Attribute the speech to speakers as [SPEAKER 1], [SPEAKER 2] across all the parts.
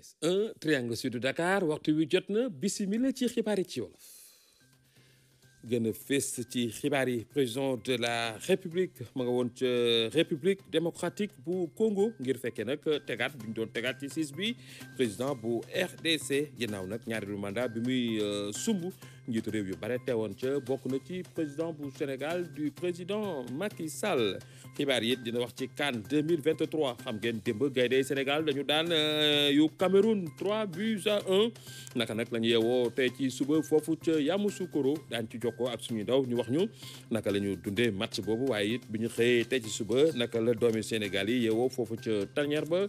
[SPEAKER 1] RTS 1 Dakar waxtu wi jot na bisimila ci xibaar ci wolof gën a fés ci xibaar yi président de la république ma nga woon ca république démocratique bu Congo ngir fekkee nag tegaat bi doon tegaat ci siis bi président bu RDC ginnaaw nag ñaareelu mandat bi muy euh, sumb. njiitu rew yu bare teewoon ci bokku na ci président bu Sénégal du président Macky Sall xibaar yi dina wax ci CAN 2023 xam ngeen démb gaynde Sénégal dañu daan euh, yu Cameroun 3 buts à 1 naka nak lañu ñu yeewoo ci suba ci Yamou Yamoussoukro daan ci joko ak suñuy ndaw ñu wax ñu naka lañu dundé match bobu waye it bi ñu xëyee ci suba naka la doomi Sénégal yi yeewoo foofu ca tanière ba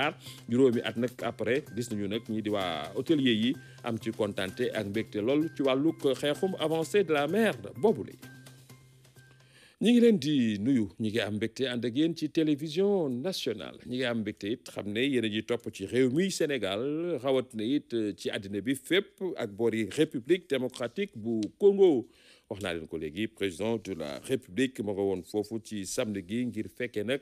[SPEAKER 1] ñaar juróomi at nag après gis nañu nag ñi di waa hôtelier yi am ci kontante ak mbégte lool ci wàllug xeexum avancée de la merde mer boobule. ñi ngi leen di nuyu ñi ngi am mbégte ànd ak yéen ci télévision nationale ñi ngi am mbégte it xam ne yéen a ji topp ci réew mi Sénégal rawat na it ci àddina bi fépp ak boor yi république démocratique bu Congo wax naa leen ko léegi président de la république ma nga woon foofu ci samedi gi ngir fekkee nag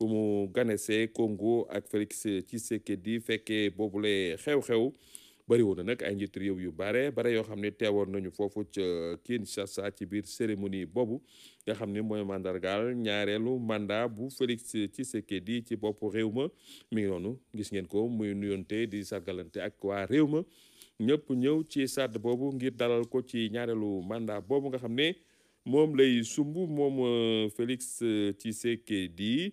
[SPEAKER 1] bu mu ganesee Congo ak Félix Tshisekedi fekkee boobule xew-xew bëri woon na nag ay njiit rew yu bare bare yo xam ne teewoon nañu foofu ca Kinshasa ci biir cérémonie bobu nga xam moy mandargal ñaarelu mandat bu Félix Tshisekedi ci bopp rewma mi nonu gis ngeen ko muy nuyonté di sargalante ak waa rewma ñepp ñew ci sàdd bobu ngir dalal ko ci ñaarelu mandat bobu nga xam mom lay sumbu mom euh, Félix Tshisekedi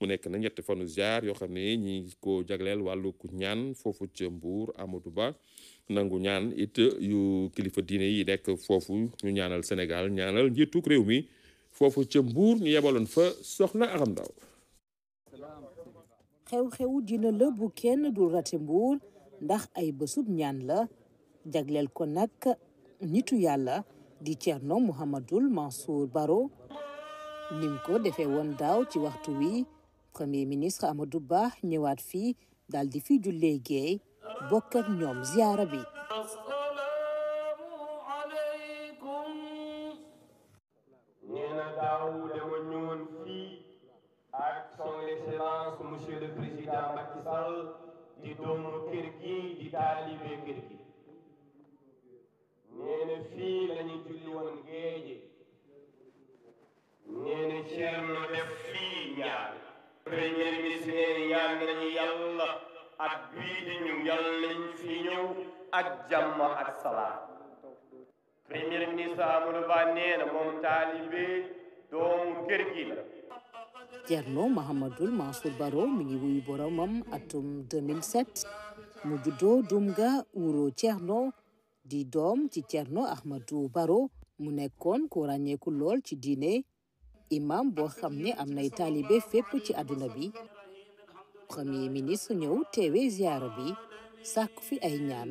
[SPEAKER 1] mu nekk na ñetti fanu ziar yoo xam ne ñi ngi ko jagleel wàllu ñaan foofu ca Mbour Amadou Ba nangu ñaan it yu kilifa diine yi nekk foofu ñu ñaanal Sénégal ñaanal njiitu réew mi foofu ca Mbour ñu yebaloon fa soxna Aram Ndaw
[SPEAKER 2] xew-xewu dina la bu kenn du rate Mbour ndax ay bësub ñaan la jagleel ko nag nitu yàlla di Thierno Mouhamadul Mansour Baro nim ko defee woon daaw ci waxtu wi premier ministre Amadou Ba ñëwaat fii daal di fi jullee le bokk ak ñoom bi
[SPEAKER 3] ak jàmm premier ministre Amadou Ba nee na moom taalibe doomu kër gi la
[SPEAKER 2] Thierno Mahamadul Mansour Baro mi ngi wuyu boromam atum 2007 mu juddoo Dumga wuro Thierno di doom ci Thierno Ahmadou Baro mu nekkoon ku ràññeeku lool ci diine imam boo xam ne am nay taalibe fépp ci àdduna bi premier ministre ñëw teewe ziyaara bi sàkku fi ay ñaan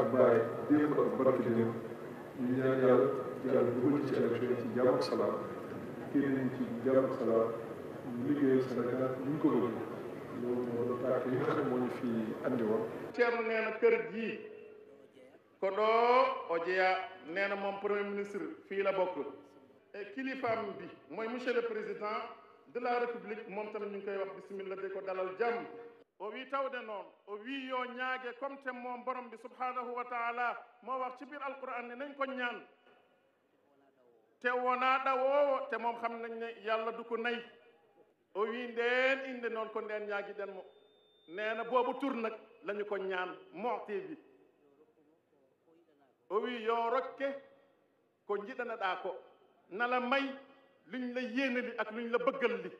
[SPEAKER 4] ak bàyyi démb ak barki démb ñu ñaan yàlla yàlla dugal ci élection ci jàmm ak kenn ñu ci jàmm ak salaam ñu liggéeyal Sénégal ñu ko bëgg loolu moo doon tàkk yi nga xam ñu fi andi woon Thierno nee kër gii kondo Ojeya nee moom premier ministre fii la bokk kilifaam bi mooy monsieur le président de la république moom tamit ñu ngi koy wax bismillah ko dalal jàmm o wi tawde noon o wi yo ñaage comme tem mo borom bi subhanahu wa taala mo wax ci biir alquran ne nañ ko ñaan te wonaa ɗawoowo te moom xam nañ ne yàlla du ko nay o wi ndeen indi noon ko ndeen ñaagi den mo nee na boobu tur nag la ñu ko ñaan moti bi o wi yoo rokke ko njiɗana ɗaa ko nala may luñ la yéenali ak luñ la bëggal li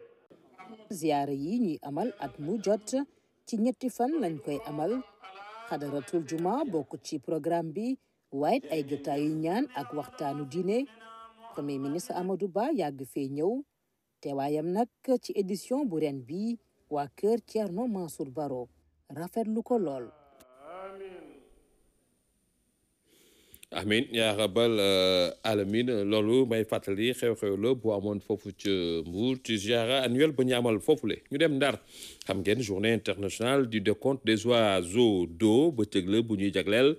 [SPEAKER 2] ziyaara yi ñuy amal ak mu jot ci ñetti fan lañ koy amal xadaratul juma bokk ci programme bi waaye ay jotaay yu ñaan ak waxtaanu diine premier ministre Amadou Ba yàgg fee ñëw teewaayam nag ci édition bu ren bi waa kër Thierno Mansour Baro rafetlu ko lool.
[SPEAKER 1] amin ya rabal euh, alamin loolu may fatali xew-xew lo bu amone fofu ci Mbour ci ziara annuel bu ñu amal le ñu dem Ndar xam ngeen journée internationale du décompte des oiseaux d'eau ba tëg la bu ñuy jagleel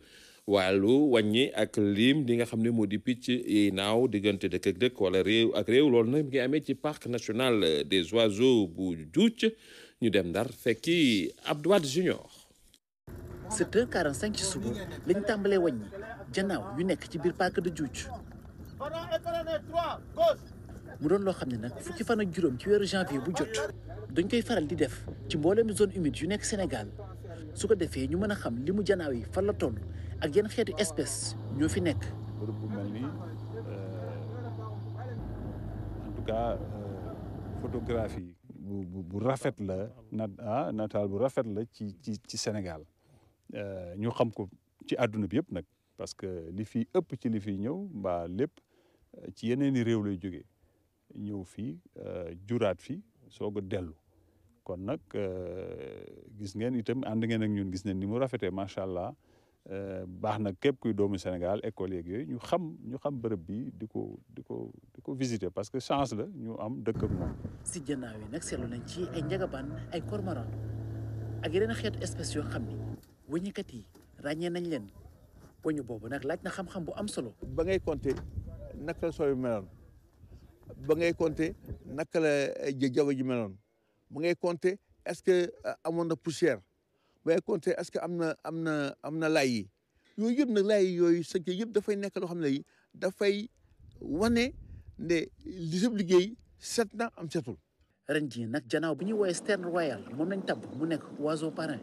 [SPEAKER 1] walu wàññi ak lim di nga xamne modi moo di picc yi naaw diggante dëkk ak dëkk wala réew ak réew loolu nag ngi amé ci parc national des oiseaux bu djout ñu dem Ndar fekki Abdou Junior
[SPEAKER 5] 7h45 ci suba lañ tàmbalee wàññi janaaw yu nekk ci biir parc de Djoudj mu doon loo xam ne nag fukki fan ak juróom ci weeru janvier bu jot dañ koy faral di def ci mbooleem zone humide yu nekk Sénégal su ko defee ñu mën a xam li mu janaaw yi fan la toll ak yan xeetu espèce ñoo fi
[SPEAKER 6] nekk. bërëb bu mel nii euh, en euh, bu bu rafet la na ah, nataal bu rafet la ci ci ci Sénégal euh, ñu xam ko ci àdduna bi yëpp nag. parce que li fi ëpp ci li fi ñëw mbaa lépp euh, ci yeneen i réew lay jóge ñëw fii euh, juraat fi soog a dellu kon nag euh, gis ngeen itam ànd ngeen ak ñun gis nañ ni mu rafetee macha allah baax na képp kuy doomu Sénégal école yeeg yooyu ñu xam ñu xam bërëb bi di ko di ko di ko visiter parce que chance la ñu am dëkk ak moom.
[SPEAKER 5] si jënaaw nag seetlu nañ ci ay njagabaan ay cormoran ak yeneen xeetu espèces xam ni wëññikat yi ràññee nañ leen. poñ boobu nag laaj na xam-xam
[SPEAKER 7] bu am solo. ba ngay compter naka la sooy meloon ba ngay compter naka la eh, jaww ji meloon ba ngay compter est-ce que eh, amoon na poussière ba ngay compter est que am na am na am na laay yooyu yëpp nag laay yooyu sëñ yëpp dafay nekk loo xam ne yi dafay wane nde li liggéey set
[SPEAKER 5] na am setul. ren jii nag janaaw bu ñuy woowee Stern Royal moom nañ tàbb mu nekk oiseau parrain.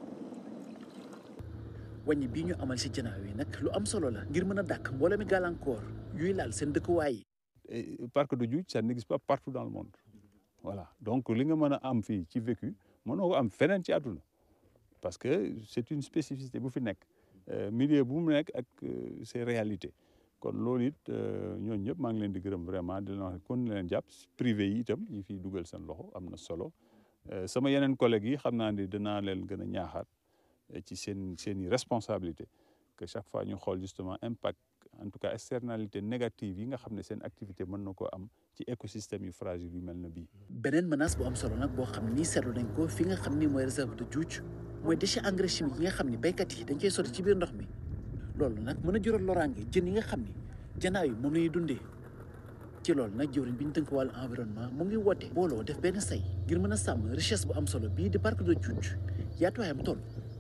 [SPEAKER 5] wàññi bii ñu amal si janaaw yi nag lu am solo la ngir mën a dàkk
[SPEAKER 6] mbooloo mi gàllankoor yuy laal seen dëkkuwaay yi. Eh, parc de Djoudj ça n'existe pas partout dans le voilà donc li nga mën a am fii ci vécu mënoo ko am feneen ci àdduna parce que c'est une spécificité bu fi nekk euh, milieu bu mu nekk ak euh, ses réalités kon loolu it euh, ñooñu ñëpp maa ngi leen di gërëm vraiment di leen kon leen jàpp privé yi itam ñi fiy dugal seen loxo am na solo sama yeneen collègues yi xam naa ni danaa leen gën a ñaaxaat. ci seen seen i responsabilité que chaque fois ñu xool justement impact en tout cas externalité négative yi nga xam ne seen activité mën na ko am ci écosystème yu fragile yu mel na bii. beneen menace bu am solo nag boo xam ni seetlu nañ ko fi nga xam ni mooy réserve de Djoudj mooy
[SPEAKER 5] déchet engrais chimique yi nga xam ni béykat yi dañ koy sotti ci biir ndox mi loolu nag mën a jural loraange jën yi nga xam ni janaaw yi moom la ñuy dundee. ci loolu nag jëwriñ bi ñu tënk wàllu environnement mu ngi woote booloo def benn say ngir mën a sàmm richesse bu am solo bii di parc de Djoudj yaatuwaayam toll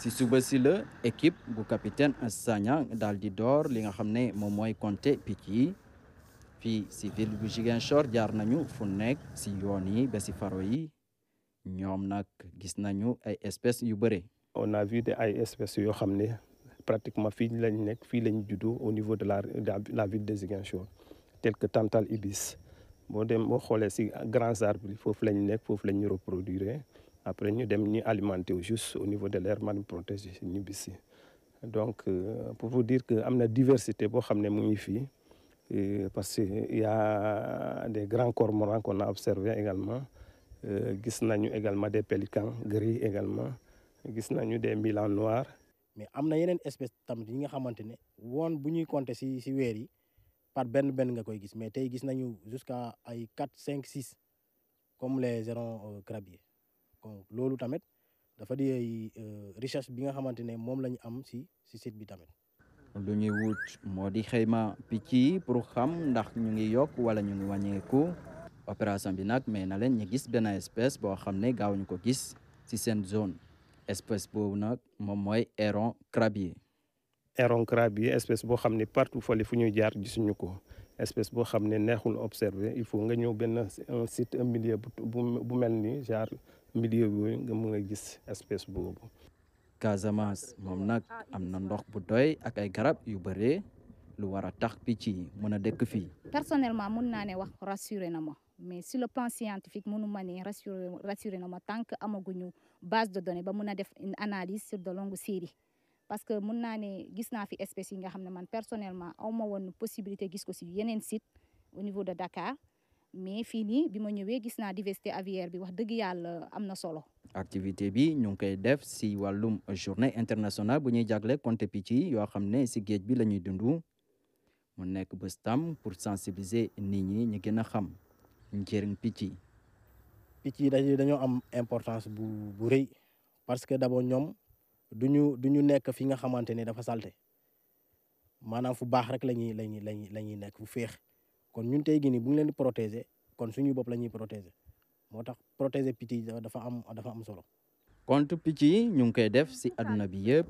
[SPEAKER 8] si suba si équipe bu capitaine Sagna dal di dor li nga xamné mom moy mooy compter fi si ville bu Ziguinchor jar nañu fu nek si yoni, be si faro yi ñoom gis nañu ay espèces yu bëre. on a vu des ay espèces yo xamné
[SPEAKER 3] pratiquement fi lañ nek fi lañ juddoo au niveau de la la ville de Ziguinchor tel que Tantal ibis boo dem boo xolé si grands arbres fofu lañ nek fofu lañ reproduire après nous dem ñu au juste au niveau de l'air marine nous protéger ici. donc euh, pour vous dire que a une diversité boo xam euh, parce qu'il y a des grands cormorans qu'on a observé également euh, gis nañu également des pélicans gris également gis nañu des milans noirs mais y a une
[SPEAKER 5] espèce tamit yi nga xamante ne woon compter si si weer par ben ben nga koy gis mais tay gis nañu jusqu'à ay quatre cinq six comme les hérons crabiers donc loolu tamit dafa di ay euh, recherche bi nga xamantene mom moom am ci ci
[SPEAKER 8] site bi tamit. lu ñuy wut moo di xayma pour xam ndax ñu ngi yok wala ñu ngi ko opération bi nak mais na leen ñi gis ben espèce bo xamné ne gaaw ñu ko gis ci sen zone espèce boobu nak moom mooy héron crabier. eron crabier espèce bo xamné ne partout fële fu ñuy jaar gisuñu ko. espèce bo xamné
[SPEAKER 3] neexul observer il faut nga ñëw ben un site un milieu bu bu mel ni genre
[SPEAKER 8] milieu bi nga mën gis espèce boobu. Casamance mom nak amna na ndox bu doy ak ay garab yu bëree lu wara a tax picc yi mën a dëkk
[SPEAKER 2] personnellement mun naa ne wax rassuré na ma mais sur le plan scientifique mënu ma ne rassuré rassuré na ma tant que amaguñu base de données ba mun def une analyse sur de longue série. parce que mun naa ne gis na fi espèce yi nga xamné man personnellement awma won possibilité gis ko ci yenen site au niveau de Dakar mais fini nii bi ma ñëwee gis naa diversité aviaire bi wax dëgg yalla amna solo.
[SPEAKER 8] activité bi ñu koy def ci walum journée internationale bu ñuy jaglé konte picc yo xamné ci ne bi lañuy dundu mu nekk bu stam pour sensibiliser nit ñi ñu gën xam njëriñ picc yi. picc dañu am
[SPEAKER 5] importance bu bu reuy parce que d'abord ñom duñu duñu nekk fi nga xamanté ne dafa salté manam fu baax rek lañuy lañuy lañuy nekk fu féex. kon ñu ngi tey gii nii bu ñu leen di protéger kon suñu bopp la ñuy protéger moo tax protéger picc yi dafa am
[SPEAKER 8] dafa am solo. contre picc yi ñu ngi koy def si àdduna bi yëpp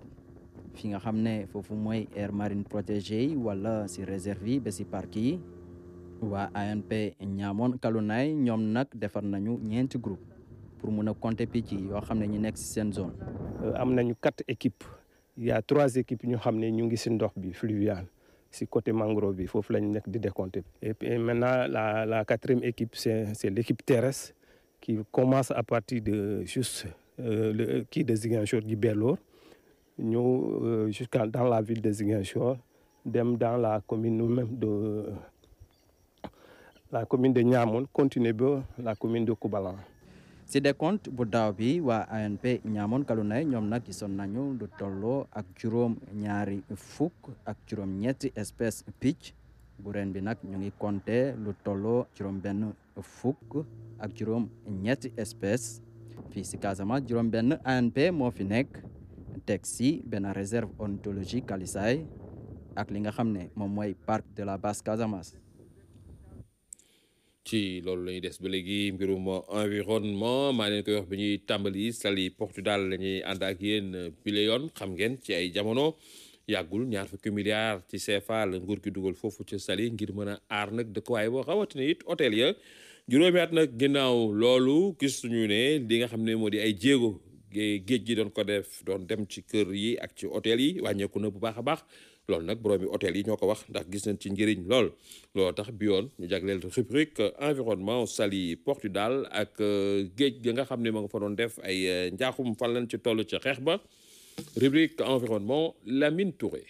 [SPEAKER 8] fi nga xam ne foofu mooy aire marine protégée yi wala si réserve yi ba si parc yi waa ANP ñaamoon kalunaay ñoom nag defar nañu ñeenti groupe pour mun a compter picc yi yoo xam ne ñu nekk si seen zone. Euh, am nañu quatre équipes il y a trois équipes
[SPEAKER 3] ñu xam ne ñu ngi si ndox bi fluvial. C'est côté mangrove il faut la et maintenant la quatrième équipe c'est l'équipe terrestre qui commence à partir de juste euh, le qui de Ziguinchor du euh, jusqu'à dans la ville de Ziguinchor dem dans la commune même de
[SPEAKER 8] la commune de Niamoun, continuer la commune de Koubalan. ci décompte bu daaw bi waa ANP ñaamoon kalu nay ñoom nag gisoon nañu lu tolloo ak juróom ñaari fukk ak juróom ñetti espèce picc bu ren bi nag ñu ngi compté lu tolloo juróom benn fukk ak juróom ñetti espèce fii ci Casamance juróom benn ANP moo fi nekk teg ci benn réserve ornithologique Kalisay ak li nga xam ne moom mooy parc de la Basse Casamance
[SPEAKER 1] ci loolu la ñuy des ba léegi mbirum environnement maa leen koy wax bi ñuy tàmbali sali Portugal la ñuy ànd ak yéen pile yoon xam ngeen ci ay jamono yàggul ñaar fukki milliards ci CFA la nguur ki dugal foofu ci sali ngir mën a aar nag dëkkuwaay boo rawatina it hôtel ya juróomi at nag ginnaaw loolu gis suñu ne li nga xam ne moo di ay jéego géej gi doon ko def doon dem ci kër yi ak ci hôtel yi wàññeeku na bu baax a baax loolu nag boroomi hôtel yi ñoo ko wax ndax gis nañ ci njëriñ lool loolu tax bi ñu jagleel rubrique environnement sali Portudal ak euh, géej gi nga xam ne ma nga fa doon def ay euh, njaaxum fan lañ ci toll ci xeex ba rubrique environnement Lamine
[SPEAKER 9] Touré.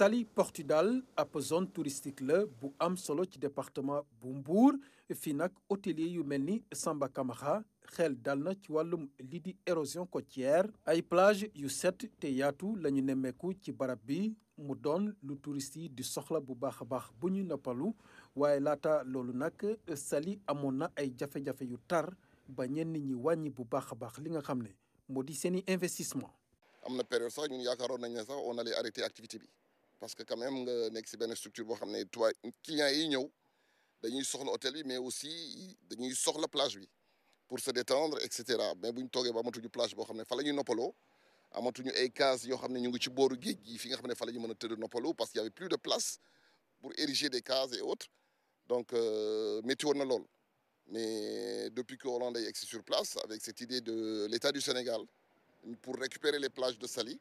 [SPEAKER 9] sali Portudal ab zone touristique la bu am solo ci département bu Mbour fi nag hôtelier yu mel ni Samba Kamara xel dal na ci wàllum lii di érosion côtière ay plage yu set te yaatu lañu ñu nemmeeku ci barab bi mu doon lu touriste yi di soxla bu baax a baax bu ñu noppalu waaye laata loolu nag sali amoon na ay jafe-jafe yu tar ba ñenn ñi wàññi bu baax a baax li nga xam ne moo di seen i investissement.
[SPEAKER 7] am na période sax ñun yaakaaroon nañ ne sax on allait arrêter activité bi parce que quand même nga nekk si benn structure boo xam ne toi clients yi ñëw dañuy ont hôtel l'hôtel, mais aussi dañuy la plage pour se détendre etc. cetera mais bu ñu toogee ba la plage il xam ne fa nopolo. ñuy noppaloo amatuñu ay cases yoo xam ne ñu ngi ci booru géej fi nga parce qu'il y avait plus de place pour ériger des cases et autres donc euh, métti woon na lool mais depuis que Hollandais est sur place avec cette idée de l'État du Sénégal pour récupérer les plages de Sali,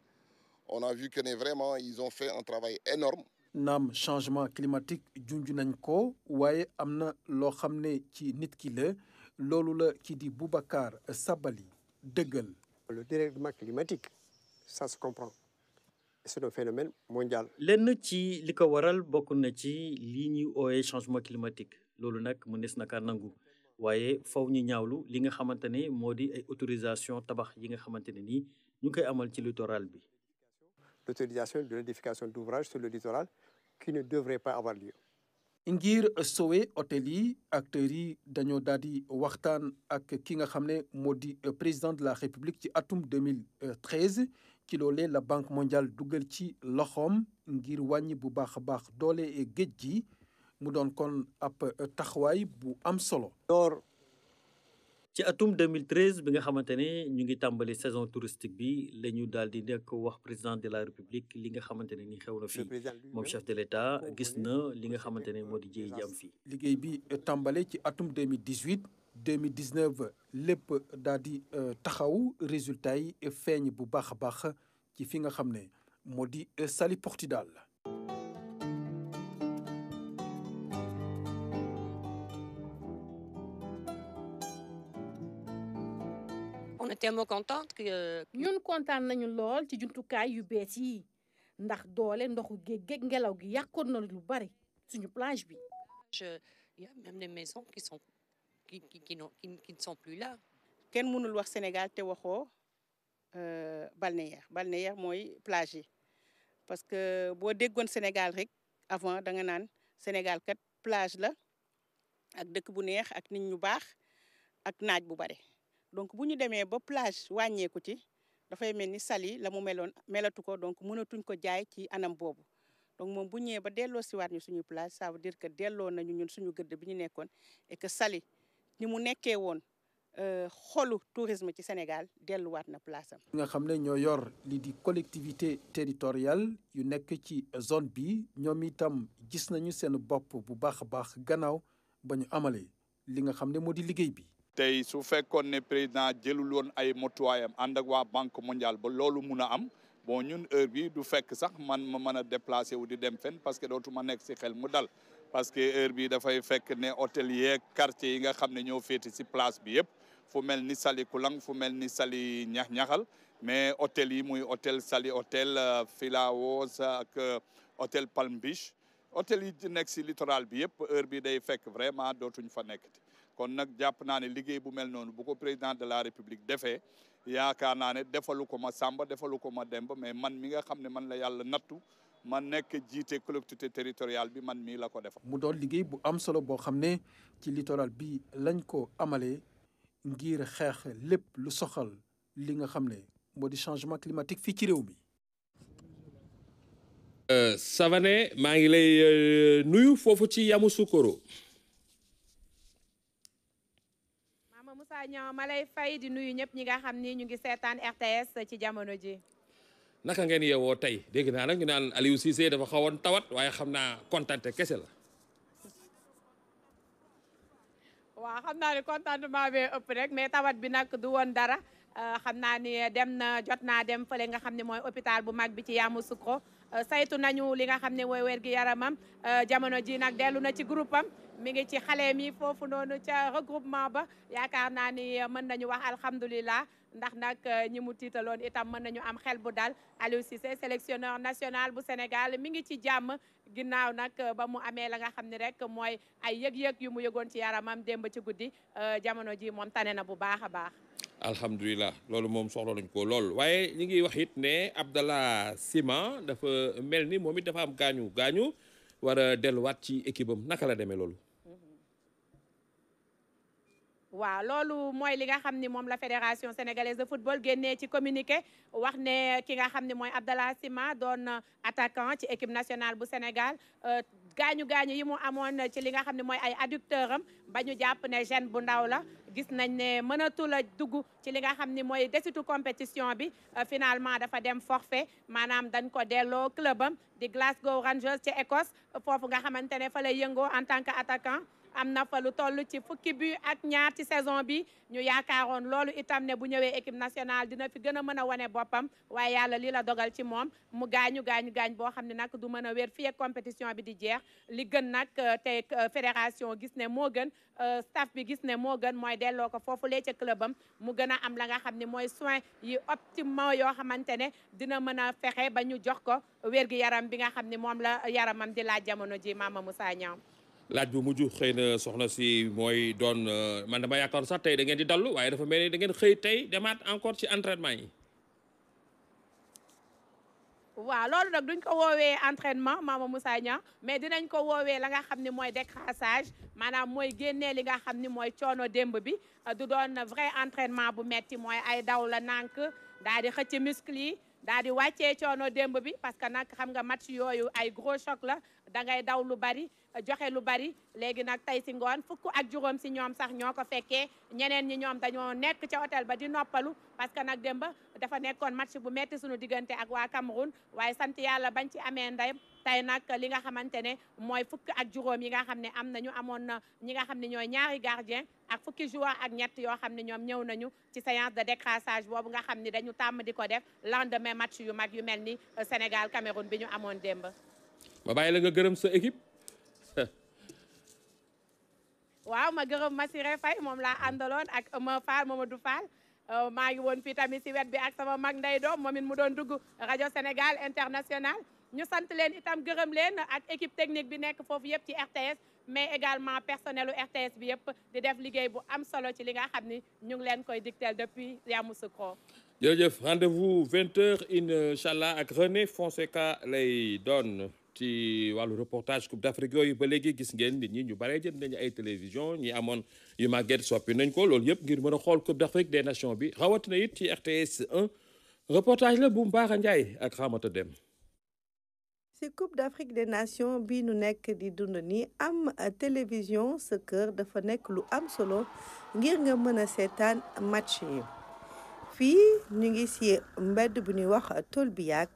[SPEAKER 7] on a vu qu'ils vraiment ils ont fait un travail énorme
[SPEAKER 9] naam changement climatique junj nañ ko waaye am na loo xam ne ci nit ki la loolu la ci di Boubacar Sabali dëggal. le dérèglement climatique
[SPEAKER 8] ça se comprend c'est un phénomène mondial. lenn ci li ko waral bokk na ci lii ñuy ooyee changement climatique loolu nag mu nees naka nangu waaye faw ñu ñaawlu li nga xamante ne moo di ay autorisation tabax yi nga xamante ne nii ñu koy amal ci littoral bi
[SPEAKER 3] l'autorisation de l'édification d'ouvrages sur le littoral qui ne devrait pas avoir lieu.
[SPEAKER 9] ngir sowe hôtel yi acteurs yi dañoo daal di waxtaan ak ki nga xam président de la république ci atum 2013 ci loolee la banque mondiale dugal ci loxoom ngir wàññi bu baax a baax doole géej gi mu doon kon ab taxawaay bu am solo.
[SPEAKER 8] ci atum 2013 bi nga xamante ne ñu ngi tàmbali saison touristique bi la ñu daal di nekk wax président de la république li nga xamante ne ni xew na fii moom chef de l'état gis na li nga xamante ne moo di jéey jam am fii. liggéey bi euh, tàmbale ci atum 2018
[SPEAKER 9] 2019 lépp daal di euh, taxaw résultat yi feeñ bu baax a baax ci fi nga xam ne moo di euh, porti daal
[SPEAKER 10] tellement contente que. ñun sommes nañu plage il y a même des maisons qui sont qui qui ne
[SPEAKER 11] sont plus là. kenn mënul wax Sénégal c'est un euh, balnéaire balnéaire la plage parce que boo le Sénégal avant da nga Sénégal kat plage la ak dëkk bu neex ak donc buñu démé ba plage wàññeeku ci da fay melni sali la mu meloon melatu ko donc mënatuñ ko jaay ci anam bobu donc mom bu ñëwee ba delloo siwaat ñu suñu plage ça veut dire que délo nañu ñun suñu gëdd bi ñu nekkoon et que sali, ni mu won euh xolu tourisme ci Sénégal delluwaat na place am.
[SPEAKER 9] nga xamné ño yor li di collectivité territoriale yu nekk ci zone bi ñom itam gis nañu seen bop bu baax baax gannaaw bañu amalé li nga xamné modi liggéey bi.
[SPEAKER 6] tey su fekkoon ne président jëlul woon ay motuwaayam ànd ak waa banque mondiale ba loolu mun a am bon ñun heure bi du fekk sax man ma mën a déplacé wu di dem fenn parce que dootuma nekk si xel mu dal parce que heure bi dafay fekk ne hôtel yeeg quartier yi nga xam ne ñoo féete si place bi yëpp fu mel ni Saly Kulang fu mel ni sali ñax-ñaxal mais hôtel yi muy hôtel Saly hôtel euh, Filaos ak euh, hôtel Palm Beach hôtel yi nekk si littoral bi yëpp heure bi day fekk vraiment dootuñ fa nekkati kon nak japp naa ne liggéey bu mel noonu bu ko president de la republique defee yaakaar naa ne defalu ma Samba defaluko ma Demba mais man mi nga xamne man la yalla nattu man nek jiite collectivité territoriale
[SPEAKER 9] bi man mi la ko def mu do liguey bu am solo bo xamne ci littoral bi lañ ko amalé ngir xex lepp lu soxal li nga xamne modi changement climatique fi ci rew mi.
[SPEAKER 1] euh Savané ma ngi lay euh, nuyu fofu ci Yamoussoukro
[SPEAKER 10] Niang ma lay fay di nuyu ñëpp ñi nga xam ni ñu ngi seetaan RTS ci jamono ji.
[SPEAKER 1] naka ngeen yeewoo tey dégg naa nag ñu naan Aliou Cissé dafa xawoon tawat waaye xam naa kontante kese la.
[SPEAKER 10] waaw xam naa ne contentement bee ëpp rek mais tawat bi nag du woon dara euh, xam naa ni dem na jot naa dem fële nga xam ne mooy hôpital bu mag bi ci Yamoussoukro. Euh, saytu nañu li nga xam ne mooy wér gi yaramam euh, jamono ji nag dellu na ci groupe mi ngi ci xale mi foofu noonu ca regroupement ba yaakaar naa ni euh, mën nañu wax alhamdulilah ndax nag ñi mu tiitaloon itam mën nañu am xel bu dal Aliou Cissé national bu Sénégal mi ngi ci jàmm ginnaaw nag ba mu amee la nga xam ni rek mooy ay yëg-yëg yu mu yëgoon ci yaramam démb ci guddi jamono ji moom tane na bu baax a baax
[SPEAKER 1] Alhamdulillah, loolu mom soxlo nañ ko lool waye ñi ngi wax it ne Abdallah Sima dafa mel ni dafa am gañu gañu war a wat ci équipe am naka la démé loolu.
[SPEAKER 10] wa loolu moy li nga xamni mom la fédération sénégalaise de football génné ci communiqué wax né ki nga xamni moy Abdallah Sima doon attaquant ci équipe nationale bu Sénégal. Euh, gañu gañu yi mo amone ci li nga xamni moy ay adducteuram bañu japp né jeune bu ndaw la gis nañ ne mënatul a dugg ci li nga xam ni mooy compétition bi euh, finalement dafa dem forfait manam dañ ko délo clubam di Glasgow Rangers ci Écosse fofu nga xamante fa lay yëngo en tant que attaquant am na fa lu toll ci fukki but ak ñaar ci saison bi ñu yaakaaroon loolu itam ne bu ñëwee équipe nationale dina fi gën a mën a wane boppam waaye yàlla lii la dogal ci moom mu gaañu gaañu gaañ boo xam ne nag du mën a wér fii compétition bi di jeex li gën nag euh, te euh, fédération gis ne moo gën euh, staff bi gis ne moo gën mooy delloo ko foofu lee ca clubam mu gën a am la nga xam ne mooy soin yi optimum yoo xamante ne dina mën a fexe ba ñu jox ko wér gi yaram bi nga xam ne moom la yaramam di laaj jamono ji Mama Moussa Niang
[SPEAKER 1] laaj bu mujj xëy soxna si moy doon euh, man dama yakkar sax tay da ngeen di dalu waye dafa mel ni da ngeen xëy tey demaat encore ci entraînement yi.
[SPEAKER 10] wa lolou nak duñ ko wowe entraînement Mama Moussa Niang mais dinañ ko wowe la nga xamni moy mooy décrassage maanaam mooy génnee li nga xamni moy choono demb bi du doon vrai entraînement bu metti moy ay daw la nank daldi di muscle yi daldi waccé choono demb bi parce que nak xam nga match yoyu ay gros choc la da ngay daw lu bari joxé lu bari légui nak tay si ngoon fukk ak juróom si ñoom sax ñoko ko ñeneen ñi ñoom dañu nekk ci hôtel ba di noppalu parce que nak demba dafa nekkon match bu metti suñu digënté ak wa Cameroun waye sant Yalla bañ ci amé ndey tay nak li nga xamante moy mooy fukk ak juróom yi nga xamné ne am nañu amoon ñi nga xamné ñoy ñaari gardien ak fukki joueur ak ñett yo xamné ne ñoom nañu ci séance de décrassage bobu nga xamné dañu tam diko def lendemain match yu mag yu melni Sénégal Cameroun bi ñu Demba. démb.
[SPEAKER 1] ma bàyyi la nga gëreum sa équipe
[SPEAKER 10] waaw ma gërëm Massiré Faye moom laa àndaloon ak ma Fall Momadou Fall euh, maa ngi woon fii tamit si wet bi ak sama mag nday doom moom it mu doon dugg rajo Sénégal international ñu sant leen itam gërëm leen ak équipe technique bi nekk foofu yëpp ci RTS mais également personnelu RTS bi yëpp di def liggéey bu am solo ci li nga xam ni ñu ngi leen koy dictel depuis Yamoussoukro
[SPEAKER 1] jërëjëf rendez-vous 20h incha allah ak René Fonseca lay doon ci walu reportage Coupe d'Afrique yooyu ba léegi gis ngeen nit ñi ñu bare jënd nañu ay télévision ñi amoon yu màgget soppi nañ ko loolu yëpp ngir mën a xool Coupe d'Afrique des Nations bi rawatina it ci RTS 1 reportage la bu Mbara Ndiaye ak Ramata Dem
[SPEAKER 12] ci Coupe d'Afrique des Nations bi nu nekk di dund ni am télévision sa kër dafa nekk lu am solo ngir nga mën a seetaan match yi fii ñu ngi ci mbedd bu ñuy wax Tolbiac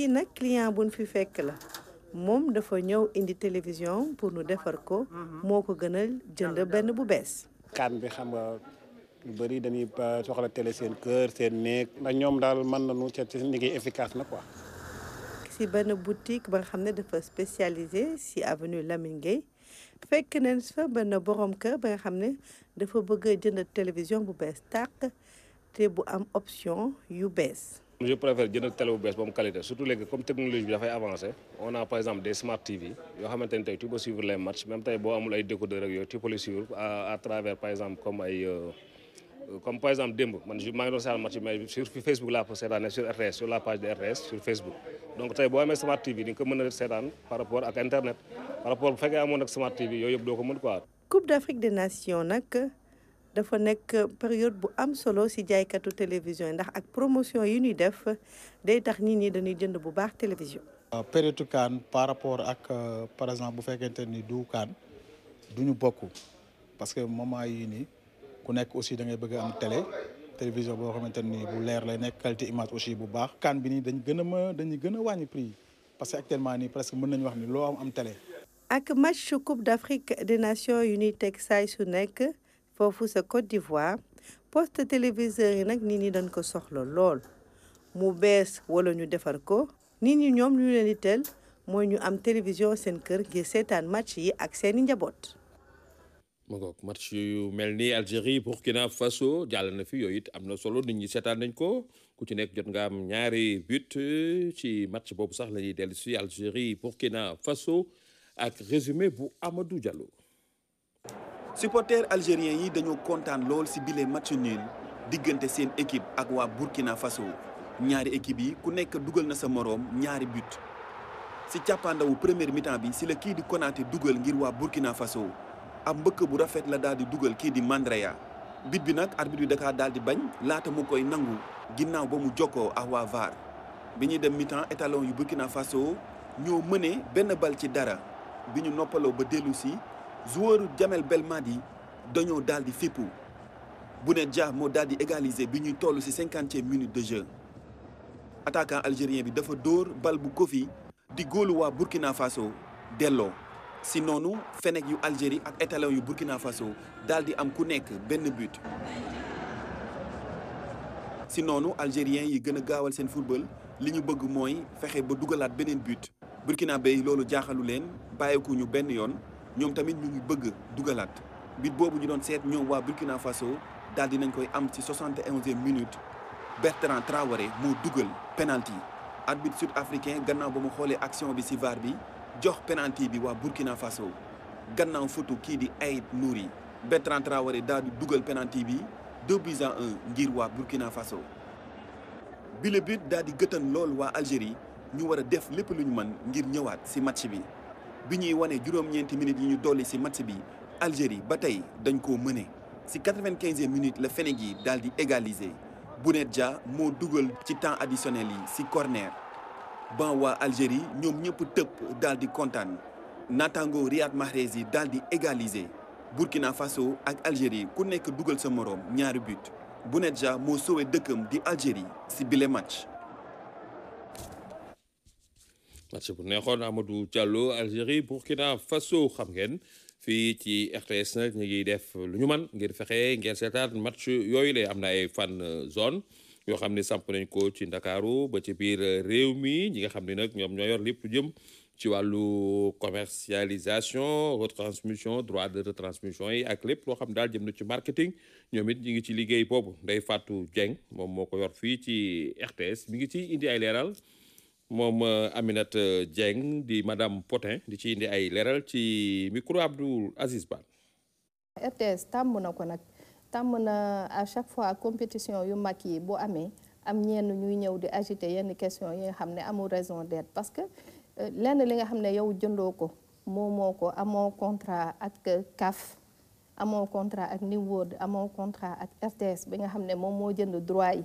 [SPEAKER 12] est notre client buñ fi fekk la mom dafa télévision pour nous ko mhm. moko gënal jënd benn bu bess
[SPEAKER 13] kan
[SPEAKER 3] bi xam nga bari dañuy euh, soxla télé efficace quoi
[SPEAKER 12] si boutique ba nga dafa si avenue Lamingue fekk fa benn télévision bu bess option yu
[SPEAKER 3] je préfère jënd télé bu bees qualité surtout léegi comme technologie bi dafay avancé on a par exemple des smart TV yoo xamante ni tu peux suivre les matchs même tey boo amul ay décodeur ak yooyu tu peux les suivre à travers par exemple comme ay euh, comme par exemple démb man maa ngi doon seetaan match bi mais sur Facebook laa ko seetaanee sur RTS sur la page de RTS sur Facebook donc tey boo amee smart TV di nga ko mën par rapport ak internet par rapport bu fekkee amoon ak smart TV Yo yëpp doo ko quoi.
[SPEAKER 12] Coupe d'Afrique des Nations nag dafa nekk période bu am solo ci jaaykatu télévision ndax ak promotion yi ñuy def day tax nit ñi dañuy jënd bu baax télévision.
[SPEAKER 9] Euh, période kaan par rapport ak euh, par exemple bu fekkente ni du kaan duñu ñu bokk parce que moment yii nii ku nekk aussi da ngay bëgg am télé télévision boo xamante ni bu leer lay nekk qualité image aussi bu baax. kaan bi nii dañ gën a ma dañuy gën a wàññi prix yi parce que actuellement nii presque mën nañu wax ni loo am am
[SPEAKER 3] télé.
[SPEAKER 12] ak match coupe d'Afrique des nations yu ñuy teg saay su nekk foofu sa Côte d'Ivoire poste téléviseurs yi nag nit ñi dañ ko soxlo lool mu bes wala ñu défar ko nit ñi ñom ñu leen di tel moy ñu am télévision seen kër ngir sétane match yi ak seeni njabot
[SPEAKER 1] ma match yu mel ni Algérie Burkina Faso jàll na fi yoyit amna am solo nit ñi seetaan nañ ko ku ci nek jot nga am ñaari but ci match bobu sax lañuy ñuy Algérie Burkina Faso
[SPEAKER 7] ak résumé bu Amadou Diallo. supporters algériens yi dañoo kontaan lool si bile match nul diggante seen équipe ak waa Burkina Faso ñaari équipe yi ku nekk dugal na sa moroom ñaari but si càppaandawu première mi bi si la kii di Konaté dugal ngir waa Burkina Faso ab mbëkk bu rafet la daal di dugal kii di Mandreya bit bi nag arbitre bi Dakar daal di bañ laata mu koy nangu ginnaaw ba mu jokkoo ak waa VAR bi ñuy dem mi-temps étalon yu Burkina Faso ñoo mëne benn bal ci dara bi ñu noppaloo ba dellu si joueur Jamel Belmadi dañu daldi di fippu Bouna Dia moo daal di égaliser biñu tollu ci minute de jeu attaquant algérien bi dafa dóor bal bu Kofi di Burkina Faso dello si noonu Fenech yu Algérie ak étalon yu Burkina Faso daldi am ku but si algérien yi gëna gawal sen football liñu bëgg moy fexé ba but Burkina Bay lolu jaxalu len bayeku ñu ñoom tamit ñu ngi bëgg dugalaat bit boobu ñu doon seet ñoom waa Burkina Faso daal di nañ koy am ci soixante et onzième minute Bertrand Traoré moo dugal penalti arbitre sud africain gannaaw ba mu xoolee action bi ci VAR bi jox penalti bi waa Burkina Faso gannaaw fotu kii di Aït Nouri Bertrand Traoré daal di dugal penalti bi deux buts à un ngir waa Burkina Faso. bile but daal di gëtan lool waa Algérie ñu war a def lépp lu ñu mën ngir ñëwaat ci match bi. bi ñuy wane juróom-ñeenti minutes yi ñu dolli ci match bi Algérie ba tey dañ koo 95 ci 95e minute le Fénék yi daal di égaliser Bounedjah moo dugal ci temps additionnel ci corner ban Algérie ñoom ñëpp tëpp daal di Riyad Mahrez égaliser Burkina Faso ak Algérie ku nekk dugal sa morom ñaari but Bounedjah moo sowe dëkkam di Algérie ci bile match
[SPEAKER 1] match bu neexoon Amadou Diallo Algérie Burkina Faso xam ngeen fii ci RTS nag ñu ngi def lu ñu man ngir fexe ngeen seetaan match yooyu la am na ay fan zone yoo xam ne samp nañ ko ci ndakaaru ba ci biir réew mi ñi nga xam ne nag ñoom ñoo yor lépp jëm ci wàllu commercialisation retransmission droit de retransmission yi ak lépp loo xam ne daal jëm na ci marketing ñoom it ñi ngi ci liggéey boobu Ndeye Fatou Dieng moom moo ko yor fii ci RTS mi ngi ci indi ay leeral moom euh, Aminata Dieng di madame Potin di ci indi ay leeral ci micro Abdoul Aziz Ba.
[SPEAKER 14] RTS tàmm na ko nag tàmm na à chaque fois compétition yu mag yi bu amee am ñenn ñuy ñëw di agiter yenn question yi nga xam ne amul raison d'être parce que euh, lenn li nga xam ne yow jëndoo ko moo ko amoo contrat ak CAF amoo contrat ak New World amoo contrat ak RTS bi nga xam ne moom moo jënd droit yi.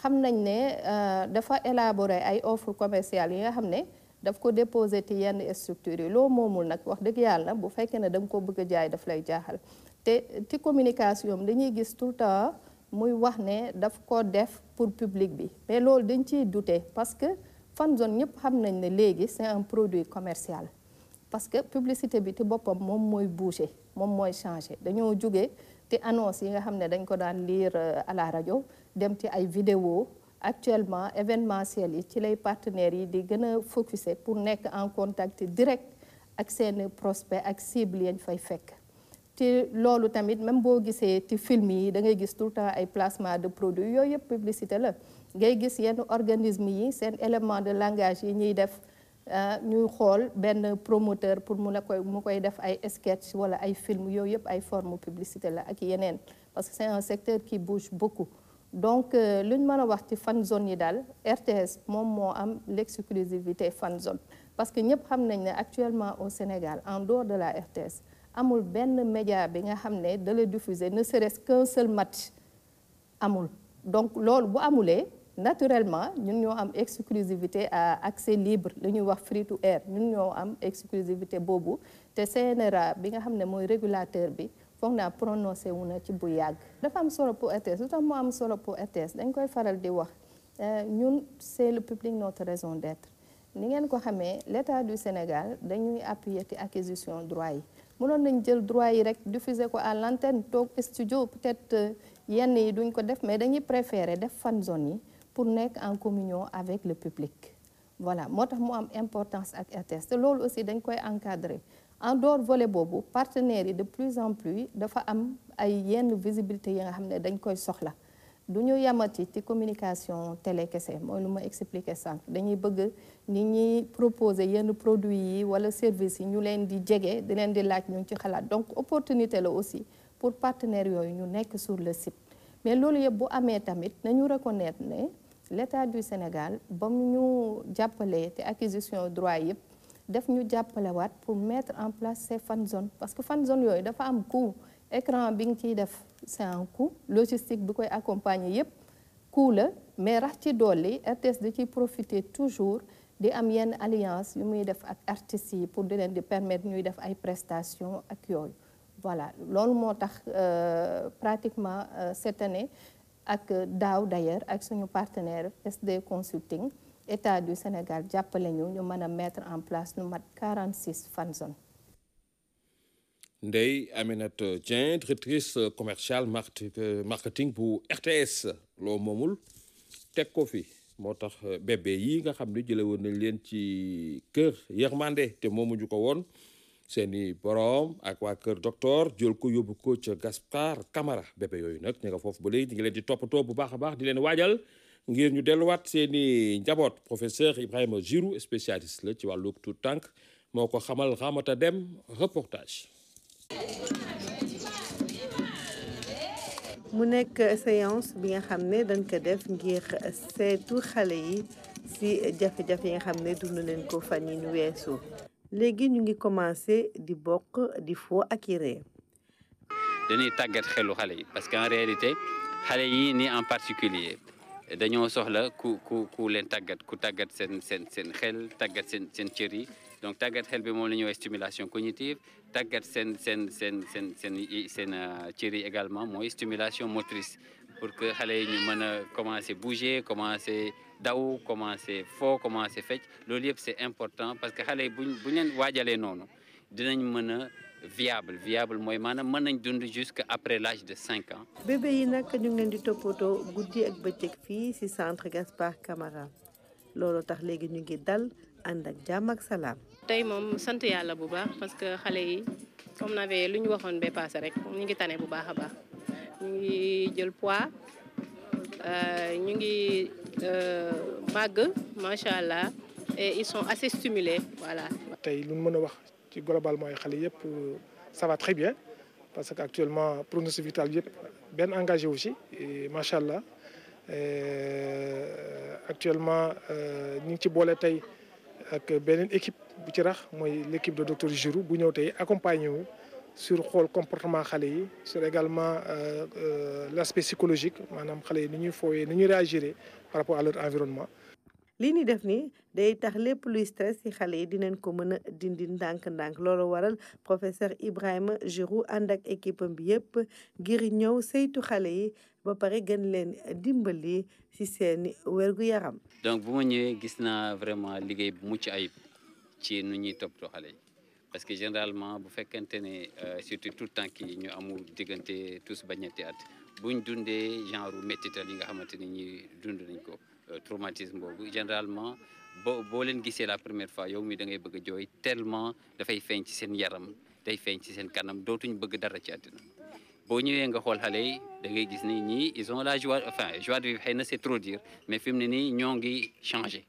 [SPEAKER 14] xamnañ né euh, dafa élaborer ay offre commerciale yi nga xamné daf ko déposer ci yenn structure lo momul nak wax deug yalla bu fekké né dang ko bëgg jaay daf lay jaaxal té ci communication dañuy gis tout temps muy wax né daf ko def pour public bi mais lool dañ ci douter parce que fan zone ñep xamnañ né légui c'est un produit commercial parce que publicité bi ci bopam mom moy bouger mom moy changer dañoo jóge té annonce yi nga xamné dañ ko daan lire euh, à la radio dem ci ay vidéo actuellement événementiel yi ci lay partenaires yi di gën a pour nekk en contact direct ak seen prospects ak cible yañ fay fekk te loolu tamit même boo gisee ci film yi da ngay gis tout le temps ay placement de produits yooyu yëpp publicité la ngay gis yenn organisme yi seen élément de langage yi ñuy def euh, ñuy xool benn promoteur pour mu la koy mu koy def ay sketch wala ay film yooyu ay forme publicité la ak yeneen parce que c'est un secteur qui bouge beaucoup donc ce euh, ñu mën a wax ci fan zone yi la RTS a l'exclusivité am l'exclusivité fan zone parce que nous xam actuellement au Sénégal en dehors de la RTS amul ben média bi nga xam qui da le diffuser ne serait-ce qu'un seul match amul donc lors bu amulé, naturellement nous avons am exclusivité à accès libre Nous avons wax free to air nous avons am exclusivité bobo. le CNRA bi nga le régulateur bi foog prononcer une wu na ci bu yàgg dafa am solo pour RTS lu tax mu am solo pour RTS dañ koy faral di wax euh, ñun c'est le public notre raison d'être ni ngeen ko xamé l'État du Sénégal dañuy appuyer ci acquisition droit yi mënon nañ jël droit yi rek diffuser ko à l'antenne tok studio peut-être euh, yenn yi duñ ko def mais dañuy préférer def fan zone yi pour nek en communion avec le public voilà motax tax mu am importance ak RTS te aussi dañ koy encadrer en dehors volet boobu partenaires de plus en plus dafa am ay yenn visibilité yi nga xam ne dañ koy soxla communication télé je vais expliquer ça. expliqué sànq dañuy bëgg nit ñi proposer produits ou des services nous ñu leen di jege di leen di laaj ñu donc opportunité aussi pour partenaires ne ñu nekk sur le site mais ce yëpp bu amee tamit nañu reconnaître ne l'État du Sénégal ba nous ñu jàppalee te acquisition droit def ñu waat pour mettre en place ces fan zones parce que fan zone yooyu dafa am coût écran bi def c'est un coût logistique bi koy accompagner yépp coût mais rax ci dolli toujours di am alliance yu muy def pour di permettre ñuy def ay prestations ak yooyu voilà loolu moo tax euh, pratiquement euh, cette année ak DAO d'ailleurs ak suñu partenaire SD Consulting état du Sénégal jàppale ñu ñu mën a en place nu mat 46 fan zone.
[SPEAKER 1] Ndeye Aminata Dieng directrice commerciale euh, marketing bu RTS loo momul teg ko fi moo tax euh, bébé yi nga xam ni jële woon nañ leen ci kër yërmande te moom moomuñu ko woon seeni borom ak waa kër docteur jël ko yóbbu ko ca Gaspard Camara bébé yooyu nag ñu nga foofu ba léegi ñu ngi leen di toppatoo bu baax a baax di leen waajal. ngir ñu delluwaat seeni njaboot professeur Ibrahima Jirou spécialiste la ci wàllu tout tànk moo ko xamal Ramata Dem reportage
[SPEAKER 12] mu nekk séance bi nga xam ne dañ ko def ngir seetu xale yi si jafe-jafe yi nga xam ne dund leen ko fan yi ñu weesu léegi ñu ngi commencé di bokk di fo ak i ree
[SPEAKER 13] dañuy tàggat xelu xale yi parce que en réalité xale yi ni en particulier dañoo soxla ku ku ku leen donc stimulation cognitive également stimulation motrice pour que xale yi ñu bouger commencer daw commencer foo commencer fait. loolu livre c'est important parce que buñ viable viable mooy maanaam mën nañ dund jusque l'âge de 5 ans
[SPEAKER 12] bébé yi nag ñu ngi leen di toppatoo guddi ak bëccëg fii ci centre Gaspard Camara loolu tax léegi ñu ngi dal ànd ak jàmm ak salaam
[SPEAKER 14] tey moom sant yalla bu baax parce que xalé yi comme navee luñu waxone bé passé rek ñu ngi tané bu baaxa baax ñu ngi jël poids euh ñu ngi euh, màgg macha allah et ils sont assez stimulés voilà
[SPEAKER 9] tay luñu mëna wax globalement euh, ça va très bien parce qu'actuellement, actuellement pronostic vital est bien engagé aussi, et machallah, euh, actuellement euh, nous sommes ci bolé tay ak équipe bu ci de docteur Giroud, bu ñëw tay sur le comportement xalé yi sur également l'aspect psychologique manam xalé yi ni ñuy ni ñuy réagir
[SPEAKER 3] par rapport à leur environnement
[SPEAKER 12] lii ni def ni day tax lépp luy stress ci xale yi dinañ ko mën a dindi ndànk-ndànk loolu waral professeur Ibrahima Giroux ànd ak équipe am bi yëpp ngir ñëw saytu xale yi ba pare gën leen dimbali ci seen wergu yaram.
[SPEAKER 13] donc bu ma ñëwee gis naa vraiment liggéey bu mucc ayib ci nu ñuy toppatoo xale yi parce que généralement bu fekkente ne euh, surtout tout temps ki ñu amul diggante tous ba ñetti at buñ dundee genre métital yi nga xamante ni ñi dund nañ ko. Euh, traumatisme boobu généralement bo boo leen gisee la première fois yow mi da ngay bëgg joy tellement da fay feeñ ci sen yaram day feeñ ci sen kanam dootuñ bëgg dara ci àddina bo ñëwé nga xol xale yi da ngay gis ni ñi ils ont la joie enfin joie de vivre xëy c'est trop dire mais fi ni ñongi changer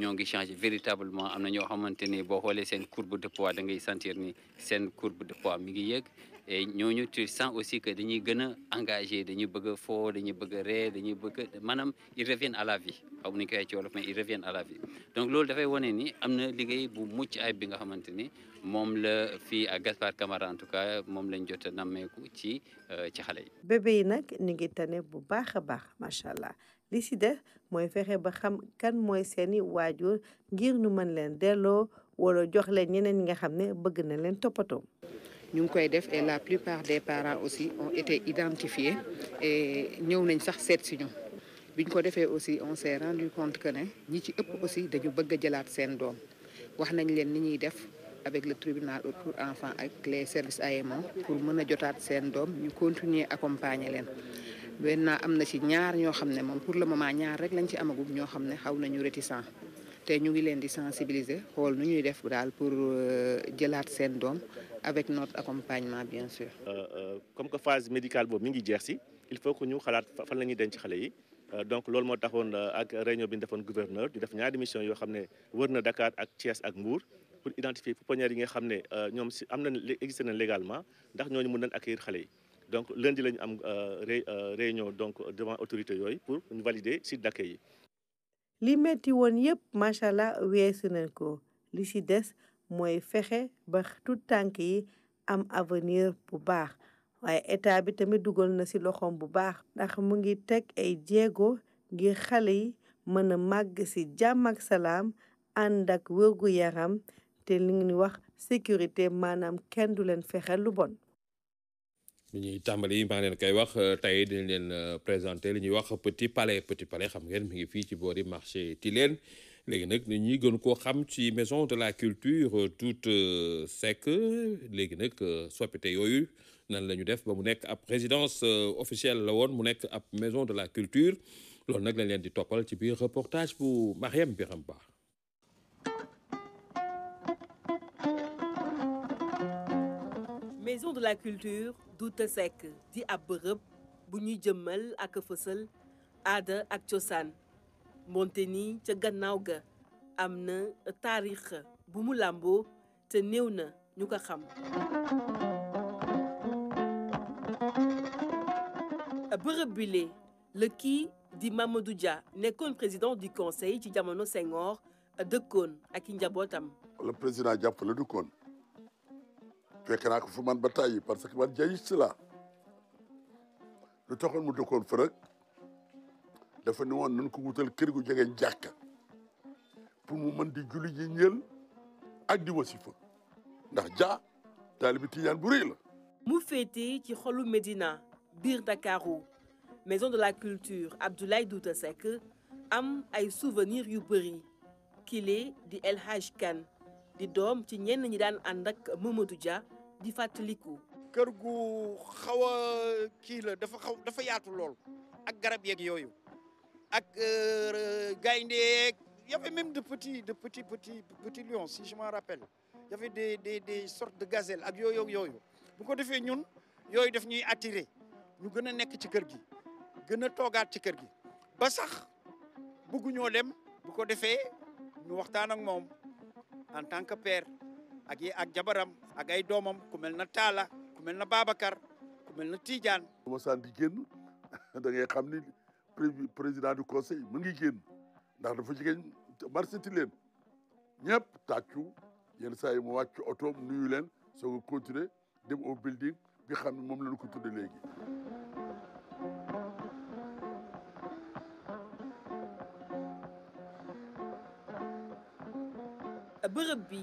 [SPEAKER 13] ñongi changer véritablement amna na ñoo xamante ni boo xoolee courbe de poids da ngay sentir ni sen courbe de poids mi ngi yegg et eh, ñooñu tu sens aussi que dañuy gën a engagé dañuy bëgg a foo dañuy bëgg a ree dañuy bëgg a maanaam ils reviennent à la vie xaw ma koy ci wolof mais ils reviennent à la vie donc loolu dafay wane ni am na liggéey bu mucc ayib bi nga xamante ni moom la fii ak Gaspard Camara en tout cas moom lañ jot a nammeeku ci euh, ci xale yi.
[SPEAKER 12] bébé yi nag ñu ngi tane bu baax a baax macha allah li si def mooy fexe ba xam kan mooy seeni waajur ngir nu mën leen delloo wala jox leen ñeneen ñi nga xam ne bëgg na leen toppatoo
[SPEAKER 10] ñu ngi koy def et la plupart
[SPEAKER 12] des
[SPEAKER 11] parents aussi ont été identifiés et ñëw nañ sax cette si ñu biñ ko defee aussi on s'est rendu compte que nous ñi ci aussi dañu bëgg a jëlaat seen doom wax nañ leen ni ñuy def avec le tribunal pour enfants et les services AEMO pour mën a jotaat seen doom ñu continuer accompagner leen maintenant am na ci ñaar ñoo xam ne pour le moment ñaar rek lañ ci amagum ñoo xam ne xaw nañu réticent té ñu ngi leen di sensibiliser xool nu ñuy def daal pour euh, jëlaat seen doom avec notre accompagnement bien sûr.
[SPEAKER 12] Euh, euh,
[SPEAKER 3] comme que phase médicale boobu mi ngi jeex si il faut que ñu xalaat fan la ñuy denc xale yi donc loolu moo taxoon ak réunion bi ñu defoon gouverneur di def ñaari mission yoo xam ne wër na Dakar ak Thiès ak Mbour. pour identifier pour yi nga xam ne ñoom si existé na légalement ndax ñooñu mën accueillir xale yi donc lundi lañu am réunion donc devant autorité yooyu pour ñu valider site d'accueil
[SPEAKER 12] li metti woon yépp macha allah weesu nañ ko li ci des mooy fexe ba tout tànk yi am avenir bu baax waaye état bi tamit dugal na ci loxoom bu baax ndax mu ngi teg ay jéego ngir xale yi mën a màgg ci jàmm ak salaam ànd ak wérgu yaram te li ngi wax sécurité maanaam kenn du leen fexe lu bon
[SPEAKER 1] li ñuy tàmbali maa ngi leen koy wax euh, tey dañ leen euh, présenté li ñuy wax petit palais petit palais xam ngeen mi ngi fii ci boori marché Tilène léegi nag nit ñi gën koo xam ci maison de la culture euh, toute sec léegi nag soppite yooyu nan la ñu def ba mu nekk ab résidence officielle la woon mu nekk ab maison de la culture loolu nag lañ leen di toppal ci biir reportage bu Mariam Biram Ba
[SPEAKER 11] maison de la culture d'Oute sec di ab bërëb bu ñuy jëmmal ak fësal ada ak cosaan moonte ci gannaaw ga amna bu mu bile le di Mamadou Dia qu'un président du conseil ci jamono Senghor de ak à Kinjabotam. le
[SPEAKER 4] président diap la dëkkoon fekk naa ko fu man ba tàyyi parce que man jayist la lu taxoon mu dëkkoon fa rek dafa ne woon nañ ko wutal kër gu jege jàkka pour mu mën di julli ji ñël
[SPEAKER 11] ak di wasifa ndax ja taalibi
[SPEAKER 4] tijaan bu rëy la
[SPEAKER 11] mu féete ci xolu Medina biir Dakaru maison de la culture Abdoulaye Douta Seck am ay souvenirs yu bëri kile di El Hadj Kane di doom ci ñenn ñi daan ànd ak Mamadou Dia di fatlikou kër gu xaw a la dafa xaw dafa yaatu lol ak garab yek yooyu
[SPEAKER 5] ak euh, gaynde yeeg y avait même de petits de petits petits petits lions si je m'en rappelle y avait des des des sortes de gazelles ak yooyu yooyu bu ko defé ñun yooyu daf ñuy attirer ñu gëna nek ci keur gi gëna a ci keur gi ba sax bëgguñoo dem bu ko defee ñu waxtaan ak mom en tant que père. ak yi ak jabaram ak ay domam ku melna tala ku melna babakar
[SPEAKER 4] ku melna na Tidiane. bu ma saan da ngay xamni ni président du conseil mu ngi genn ndax dafa jigen marché ti leen ñëpp tàccu yenn mu waccu auto nuyu len so a continuer dem au building bi xamni mom moom ko tudde legi
[SPEAKER 11] bërëb bi.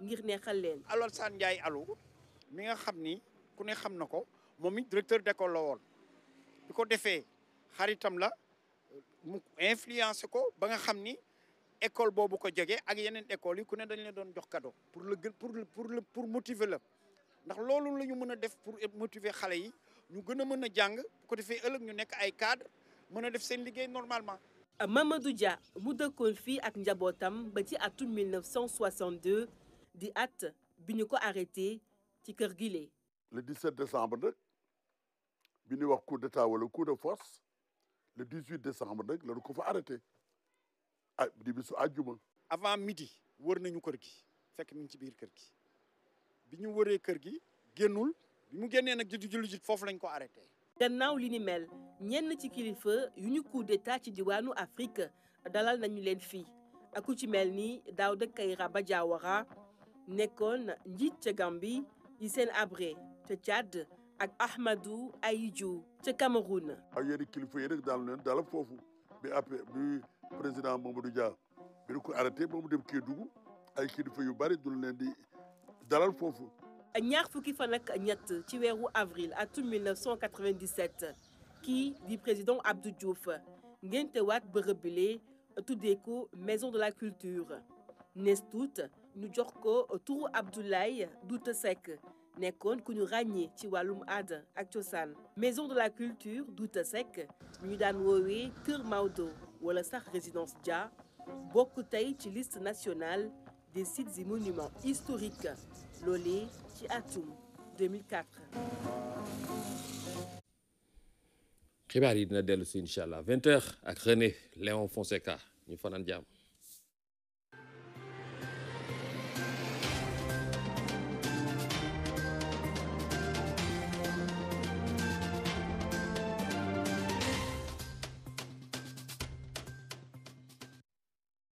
[SPEAKER 11] ngir neexal leen. Alassane Ndiaye
[SPEAKER 5] Alou mi nga xam ni ku ne xam na ko moom it directeur d'école la woon bi ko defee xaritam la mu influencé ko ba nga xam ni école boobu ko jege ak yeneen école yi ku ne dañ leen doon jox cadeau pour le gën pour pour pour motiver la ndax loolu la ñu mën a def pour motiver xale yi ñu gën a mën a jàng bu
[SPEAKER 11] ko defee ëllëg ñu nekk ay cadre mën a def seen liggéey normalement. Mamadou Dia mu dëkkoon fii ak njabootam ba ci atum 1962. di at bi ñu ko arrêté ci kër gile
[SPEAKER 4] le 17 décembre nag bi ñuy wax coup d'état wala coup de force le 18 décembre nag la ñu ko fa arrêté ah di bisu avant midi wër nañu kër gi fekk mi ngi ci biir kër gi
[SPEAKER 11] bi ñu wëree kër gi génnul bi mu génnee nag jëtu jëlu jit foofu lañ ko arrêté gannaaw li ni mel ñenn ci kilifa yu ñu coup d'état ci diwaanu Afrique dalal nañu leen fii aku ci mel ni Daouda Kairaba Diawara nekkoon njiit ca Gambie Hissène Abré, Tchad ak Ahmadou Ahidjo ca Cameroun.
[SPEAKER 4] Ayeri yenn kilifa yi nag daal leen daal bi après bi président Mamadou Dia bi ñu ko arrêté ba mu dem Kédougou ay kilifa yu bari dul leen di dalal
[SPEAKER 11] foofu. ñaar fukki fan ak ñett ci weeru avril atum 1997 qui di président Abdou Diouf Ngentewat waat bërëb bile ko maison de la culture nestoute ñu jox ko turu Abdoulaye Doute Seck nekkoon ku ñu ràññee ci wàllum aada ak cosaan maison de la culture Doute Seck ñu daan woowee Kër Maodo wala sax résidence Dia bokk tey ci liste nationale des sites et monuments historiques loolee ci atum 2004.
[SPEAKER 1] xibaar yi dina dellu si incha allah 20h ak René Léon Fonseca ñu fanaan
[SPEAKER 13] jàmm.